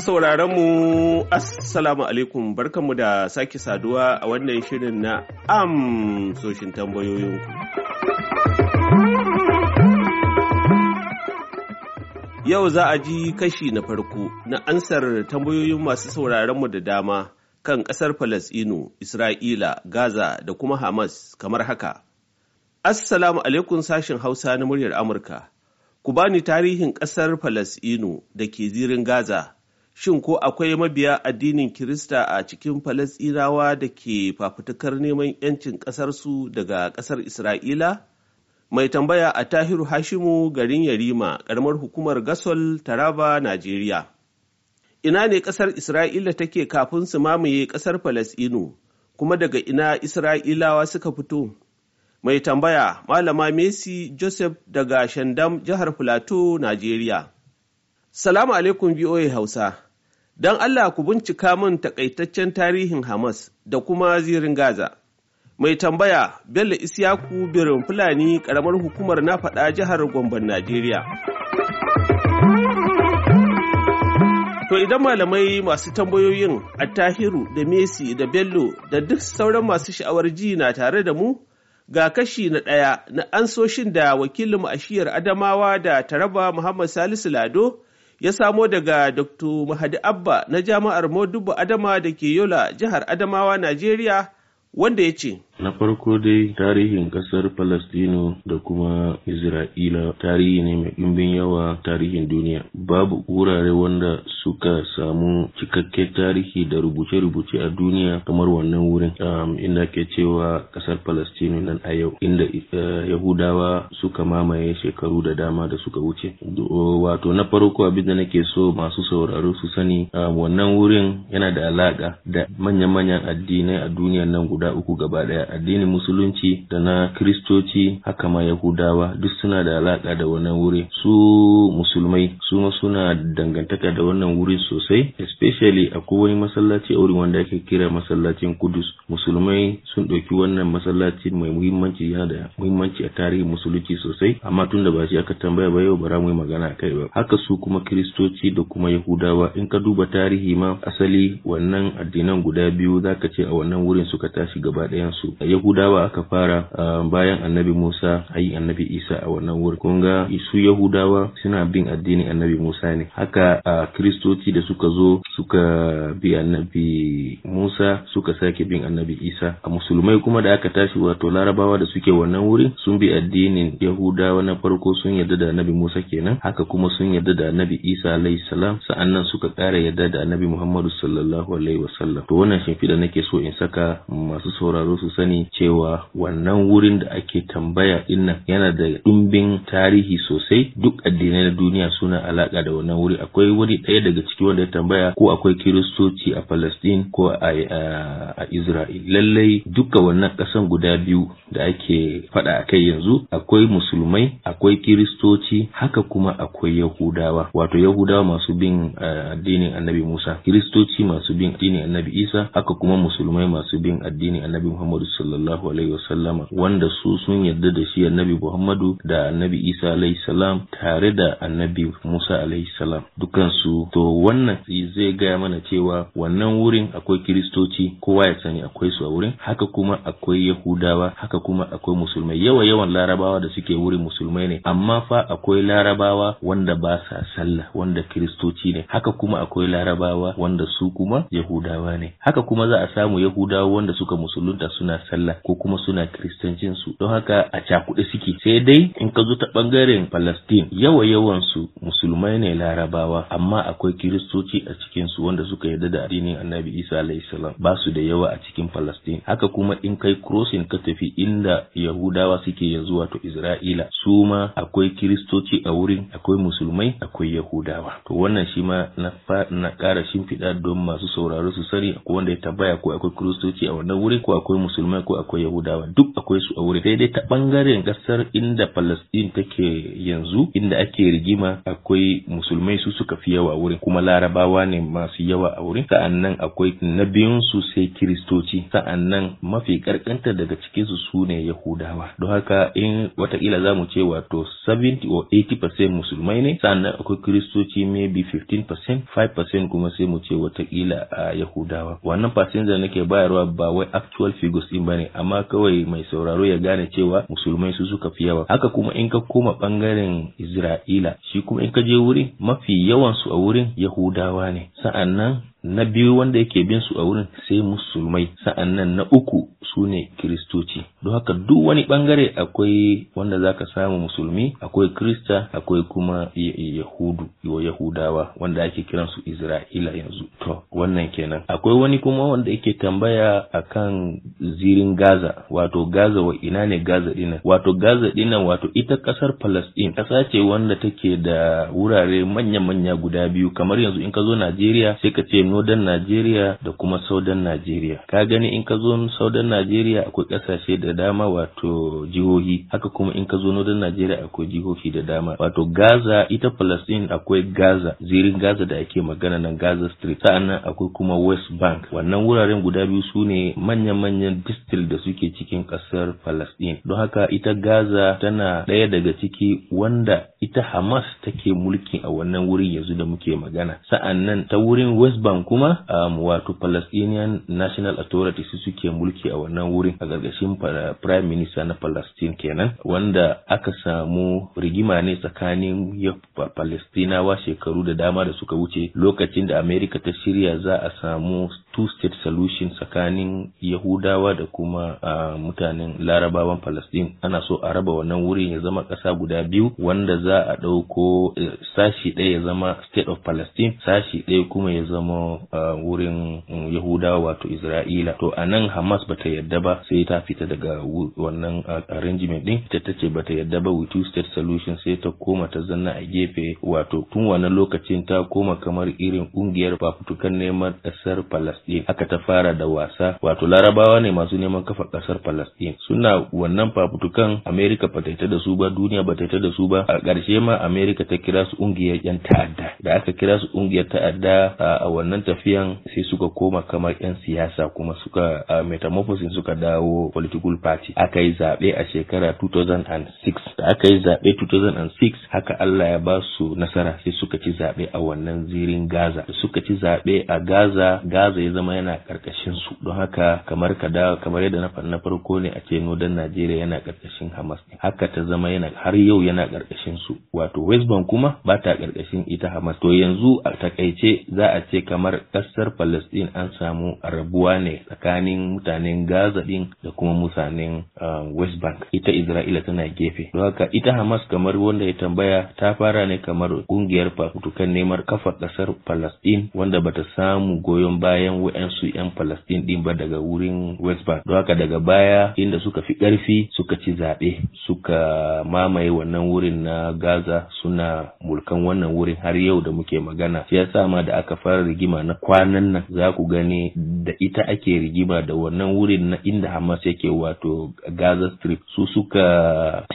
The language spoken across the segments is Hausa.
Masu sauraron mu Assalamu alaikum barkanmu da sake saduwa a wannan shirin na amsoshin tambayoyinku. Yau za a ji kashi na farko na ansar tambayoyin masu mu da dama kan ƙasar Falasɗinu, Isra'ila, Gaza da kuma Hamas kamar haka. Assalamu alaikum sashin Hausa na muryar Amurka. Ku bani tarihin ƙasar Falasɗinu da ke zirin Gaza Shin ko akwai mabiya addinin Kirista a cikin Falasɗinawa da ke fafutukar neman 'yancin ƙasarsu daga ƙasar Isra'ila? Mai tambaya a Tahiru Hashimu garin Yarima, ƙaramar hukumar Gasol, Taraba, Najeriya. Ina ne ƙasar Isra'ila take kafin su mamaye ƙasar Falasɗinu, kuma daga ina Isra'ilawa suka fito? Mai tambaya Malama Messi Joseph daga Shandam, jihar Plateau, Najeriya. Salamu alaikum BOA Hausa. Don Allah ku bincika min takaitaccen tarihin Hamas da kuma zirin Gaza. Mai tambaya Bello Isiyaku birin Fulani karamar hukumar na faɗa jihar Gombon Najeriya. To idan malamai masu tambayoyin Attahiru da Messi da Bello da duk sauran masu sha'awar ji na tare da mu ga kashi na ɗaya na ansoshin da wakilin ashiyar Adamawa da Taraba Muhammad Salisu Lado ya samo daga Dr. Mahadi Abba na Jami'ar Modubu Adama da ke Yola, jihar Adamawa, Najeriya, wanda ya ce, na farko dai tarihin kasar palestino da kuma isra'ila tarihi ne mai ɗimbin yawa tarihin duniya babu wurare wanda suka samu cikakke tarihi da rubuce-rubuce a duniya kamar wannan wurin um, inda ke cewa kasar palestino nan a yau inda uh, yahudawa suka mamaye shekaru da dama da suka wuce wato na farko abin da nake so masu sauraro su sani um, wannan wurin yana da alaƙa da manya-manyan addinai a duniya nan guda uku gaba ɗaya addinin musulunci da na kiristoci haka ma yahudawa duk suna da alaka da wannan wuri su musulmai su ma suna dangantaka da wannan wuri sosai especially akwai wani masallaci a wurin wanda ake kira masallacin kudus musulmai sun ɗauki wannan masallaci mai muhimmanci yana da muhimmanci a tarihin musulunci sosai amma tun da ba shi aka tambaya ba yau ba za mu yi magana a kai ba haka su kuma kiristoci da kuma yahudawa in ka duba tarihi ma asali wannan addinan guda biyu zaka ce a wannan wurin suka tashi gaba ɗayan su yahudawa aka fara bayan annabi musa ayi annabi isa a wannan wuri. kun ga su yahudawa suna bin addinin annabi musa ne haka kristoci da suka zo suka bi annabi musa suka sake bin annabi isa a musulmai kuma da aka tashi wato larabawa da suke wannan wuri sun bi addinin yahudawa na farko sun yarda da annabi musa kenan haka kuma sun yarda da annabi isa alayhi salam sa'annan suka ƙara yarda da annabi muhammadu sallallahu alaihi wasallam to wannan shimfiɗa nake so in saka masu sauraro su sani cewa wannan wurin da ake tambaya nan yana da ɗumbin tarihi sosai duk addinai na duniya suna alaka da wannan wuri akwai wani ɗaya daga ciki wanda ya tambaya ko akwai kiristoci a Palestine ko a Israel lallai duka wannan ƙasan guda biyu da ake faɗa a kai yanzu akwai musulmai akwai kiristoci haka kuma akwai yahudawa wato yahudawa masu bin addinin annabi Musa kiristoci masu bin addinin annabi Isa haka kuma musulmai masu bin addinin annabi Muhammadu sallallahu alaihi wanda su sun yarda da shi annabi Muhammadu da annabi Isa alaihi salam tare da annabi Musa alaihi salam dukansu to wannan zai gaya mana cewa wannan wurin akwai kiristoci kowa ya sani akwai su a wurin haka kuma akwai yahudawa haka kuma akwai musulmai yawa yawan larabawa da suke wurin musulmai ne amma fa akwai larabawa wanda ba sa sallah wanda kiristoci ne haka kuma akwai larabawa wanda su kuma yahudawa ne haka kuma za a samu yahudawa wanda suka musulunta suna sallah ko kuma suna kiristancin su don haka a cakuɗe suke sai dai in ka zo ta ɓangaren Palestine yawa yawan su musulmai ne larabawa amma akwai kiristoci a cikin su wanda suka yarda da addinin Annabi Isa alayhi salam ba su da yawa a cikin Palestine haka kuma in kai crossing ka tafi inda Yahudawa suke yanzu wato Isra'ila su ma akwai kiristoci a wurin akwai musulmai akwai Yahudawa to wannan shi ma na na ƙara shimfiɗa don masu sauraro su sani akwai wanda ya tambaya ko akwai kiristoci a wannan wuri ko akwai musulmai musulmai ko akwai yahudawa duk akwai su a wuri daidai ta bangaren kasar inda palestine take yanzu inda ake rigima akwai musulmai su suka fi yawa wurin kuma larabawa ne masu yawa a wurin sa'annan akwai na biyun su sai kiristoci sa'annan mafi karkanta daga cikin su su ne yahudawa don haka in watakila za mu ce wato 70 or 80% musulmai ne sa'annan akwai kiristoci maybe 15% 5% kuma sai mu ce watakila a yahudawa wannan percentage da nake bayarwa ba wai actual figures bane amma kawai mai sauraro ya gane cewa musulmai su suka fi yawa haka kuma in ka koma bangaren Isra'ila shi kuma in ka je wuri mafi yawan su a wurin Yahudawa ne sa'annan na biyu wanda yake bin su a wurin sai musulmai sa'annan na uku su ne kiristoci don haka duk wani bangare akwai wanda zaka samu musulmi akwai krista akwai kuma yahudu wa yahudawa wanda ake kiran su isra'ila yanzu to wannan kenan akwai wani kuma wanda yake tambaya akan zirin gaza wato gaza wa ina ne gaza dina wato gaza dina wato ita kasar palestine kasa ce wanda take da wurare manya-manya guda biyu kamar yanzu in ka zo najeriya sai ka ce Nodan Najeriya da kuma Southern Nigeria. Ka gani in ka zo Southern Nigeria akwai ƙasashe da dama wato jihohi, haka kuma in ka zo Northern Nigeria akwai jihohi da dama. Wato Gaza ita Palestine akwai Gaza, zirin Gaza da ake magana nan Gaza Street. Sa'annan akwai kuma West Bank. Wannan wuraren guda biyu su ne manya-manyan district da suke cikin ƙasar Palestine. Don haka ita Gaza tana ɗaya daga ciki wanda ita Hamas take mulki a wannan wuri yanzu da muke magana sa'annan ta wurin West Bank kuma um, wato Palestinian National Authority su suke mulki a wannan wurin a gargashin Prime Minister na Palestine kenan wanda aka samu rigima ne tsakanin Palestinawa shekaru da dama da suka wuce lokacin da amerika ta shirya za a samu two-state solution tsakanin Yahudawa da kuma uh, mutanen larabawan Palestine ana so a raba wannan wurin ya zama kasa guda biyu wanda za a ɗauko e, sashi ɗaya ya zama state of Palestine sashi ɗaya kuma ya zama uh, wurin um, Yahudawa wato Isra'ila to a nan Hamas bata yadda ba sai ta fita daga wannan arrangement ɗin ita ta ce bata yadda ba with two-state solution sai ta koma ta zanna a gefe wato tun wannan lokacin ta koma kamar irin ƙungiyar fafutukan neman ƙasar Palestine aka ta fara da wasa wato larabawa ne masu neman kafa ƙasar Palestine suna wannan fafutukan Amerika ba ta da su ba duniya ba ta da su ba a ƙarshe ma Amerika ta kira su ƙungiyar yan ta'adda da aka kira su ƙungiyar ta'adda a wannan tafiyan sai suka koma kamar yan siyasa kuma suka metamorphosis suka dawo political party aka yi zaɓe a shekara 2006 da aka yi zaɓe 2006 haka Allah ya ba su nasara sai suka ci zaɓe a wannan zirin Gaza suka ci zaɓe a Gaza Gaza ya zama yana karkashin su don haka kamar ka kada kamar yadda na faɗi na farko ne a ce nodan Najeriya yana karkashin Hamas haka ta zama yana har yau yana karkashin su wato West Bank kuma ba ta karkashin ita Hamas to yanzu a takaice za a ce kamar kasar Palestine an samu rabuwa ne tsakanin mutanen Gaza din da kuma mutanen um, West Bank ita Isra'ila tana gefe don haka ita Hamas kamar wanda ya tambaya ta fara ne kamar kungiyar fafutukan neman kafa kasar Palestine wanda bata samu goyon bayan wa'yansu 'yan Palestine din ba daga wurin West Bank. Don haka daga baya inda suka fi ƙarfi suka ci zaɓe suka mamaye wannan wurin na Gaza suna mulkan wannan wurin har yau da muke magana. Shi yasa ma da aka fara rigima na kwanan nan za ku gani da ita ake rigima da wannan wurin na inda Hamas yake wato Gaza Strip su suka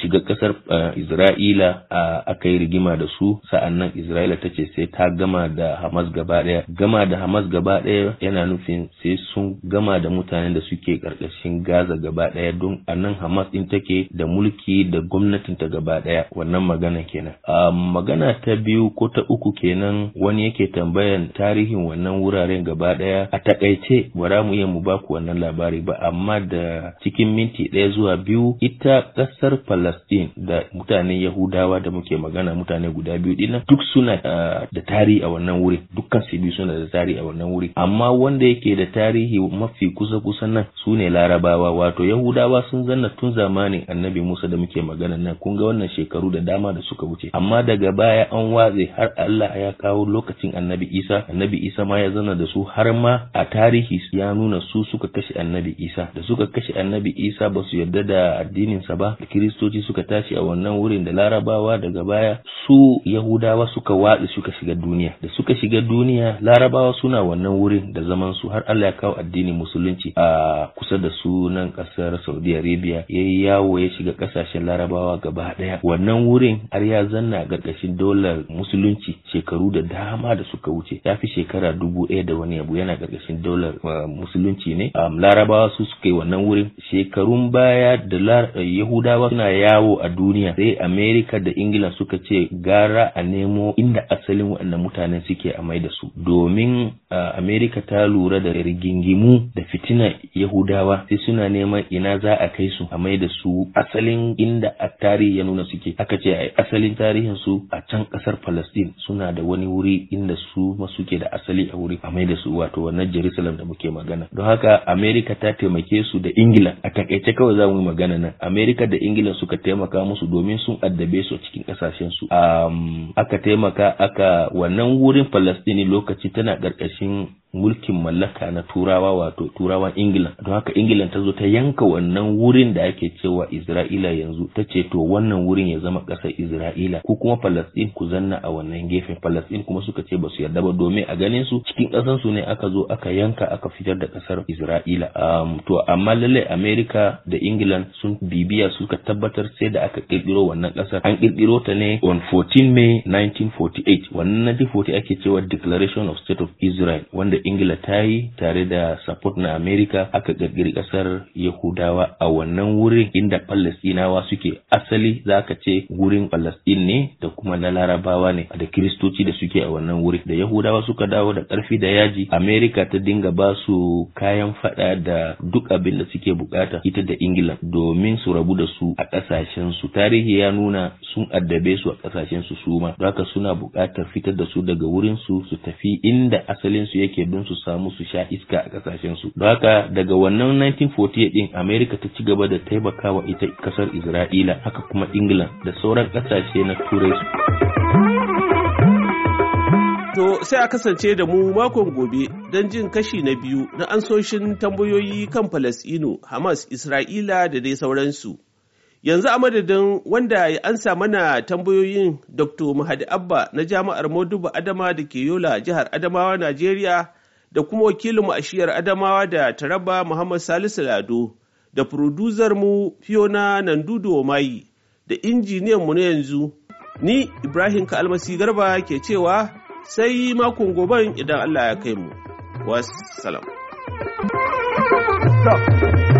shiga ƙasar eh, Isra'ila aka yi rigima da su nan Isra'ila ta ce sai ta gama da Hamas gaba ɗaya. Gama da Hamas gaba ɗaya yana nufin sai sun gama da mutanen da suke karkashin gaza gaba daya don a nan hamas din take da mulki da gwamnatin ta gaba daya wannan magana kenan a magana ta biyu ko ta uku kenan wani yake tambayan tarihin wannan wuraren gaba daya a takaice bara mu iya mu baku wannan labari ba amma da cikin minti ɗaya zuwa biyu ita kasar Palestine da mutanen Yahudawa da muke magana mutane guda biyu dinnan duk suna ah, da tari a wannan wuri dukkan su biyu suna da tari a wannan wuri amma wanda yake da tarihi mafi kusa-kusa nan su ne larabawa wato yahudawa sun zanna tun zamanin annabi musa da muke magana nan kun ga wannan shekaru da dama da suka wuce amma daga baya an watse har allah ya kawo lokacin annabi isa annabi isa ma ya zanna da su har ma a tarihi ya nuna su suka kashe annabi isa da suka kashe annabi isa ba su yarda da addininsa ba Da kiristoci suka tashi a wannan wurin da larabawa daga baya su yahudawa suka watse suka shiga duniya da suka shiga duniya larabawa suna wannan wurin da zaman su har Allah ya kawo addinin musulunci a kusa da sunan nan kasar Saudi Arabia yayi yawo ya shiga kasashen Larabawa gaba daya wannan wurin har ya zanna gargashin dolar musulunci shekaru da dama da suka wuce ya fi shekara dubu ɗaya da wani abu yana gargashin dolar musulunci ne Larabawa su suka wannan wurin shekarun baya da eh, Yahudawa suna yawo a duniya sai Amerika da Ingila suka ce gara a nemo inda asalin waɗannan mutanen suke a mai da su domin Amerika ta ta lura da rigingimu da fitina Yahudawa sai suna neman ina za a kai su a mai da su asalin inda a tarihi ya nuna suke aka ce a asalin tarihin su a can kasar Palestine suna da wani wuri inda su ma suke da asali a wuri a mai da su wato wannan Jerusalem da muke magana don haka America ta taimake su da Ingila a takaice kawai za mu yi magana nan America da Ingila suka taimaka musu domin sun addabe su cikin kasashen su aka taimaka aka wannan wurin Palestine lokaci tana karkashin mulkin mallaka na turawa wato turawan ingila don haka ingila ta zo ta yanka wannan wurin da ake cewa isra'ila yanzu ta ce to wannan wurin ya zama ƙasar isra'ila ko kuma falastin ku zanna a wannan gefen falastin kuma suka ce ba su yarda ba domin a ganin su cikin ƙasar su ne aka zo aka yanka aka fitar da ƙasar isra'ila um, to amma lallai america da england sun bibiya suka tabbatar sai da aka ƙirƙiro wannan ƙasar an ƙirƙiro ta ne on 14 may 1948 wannan 1940 ake cewa declaration of state of israel wanda ingila ta yi tare da support na Amerika. aka gargiri kasar yahudawa a wannan wurin inda palestinawa suke asali za ka ce wurin palestine ne da kuma na larabawa ne da kiristoci da suke a wannan wurin. da yahudawa suka dawo da karfi da yaji Amerika ta dinga ba su kayan faɗa da duk abin da suke bukata ita da ingila domin su rabu da su a kasashen su tarihi ya nuna sun addabe su a kasashen su suma haka suna buƙatar fitar da su daga wurin su su tafi inda asalin su yake don su samu su sha iska a kasashen su don haka daga wannan 1948 din America ta ci gaba da taimakawa ita kasar Isra'ila haka kuma England da sauran kasashe na Turai To sai a kasance da mu makon gobe don jin kashi na biyu na ansoshin tambayoyi kan palestino Hamas, Isra'ila da dai sauransu. Yanzu a madadin wanda ya ansa mana tambayoyin Dr. Mahadi Abba na Jami'ar Modubu Adama da ke Yola jihar Adamawa, Najeriya da kuma wakilinmu a shiyar Adamawa da Taraba Muhammad Salisu Lado da mu Fiona Nandudo Mai da injiniyan mu na yanzu ni Ibrahim Kalmasi Garba ke cewa sai makon goban idan Allah ya kai mu. Wassalam. Stop.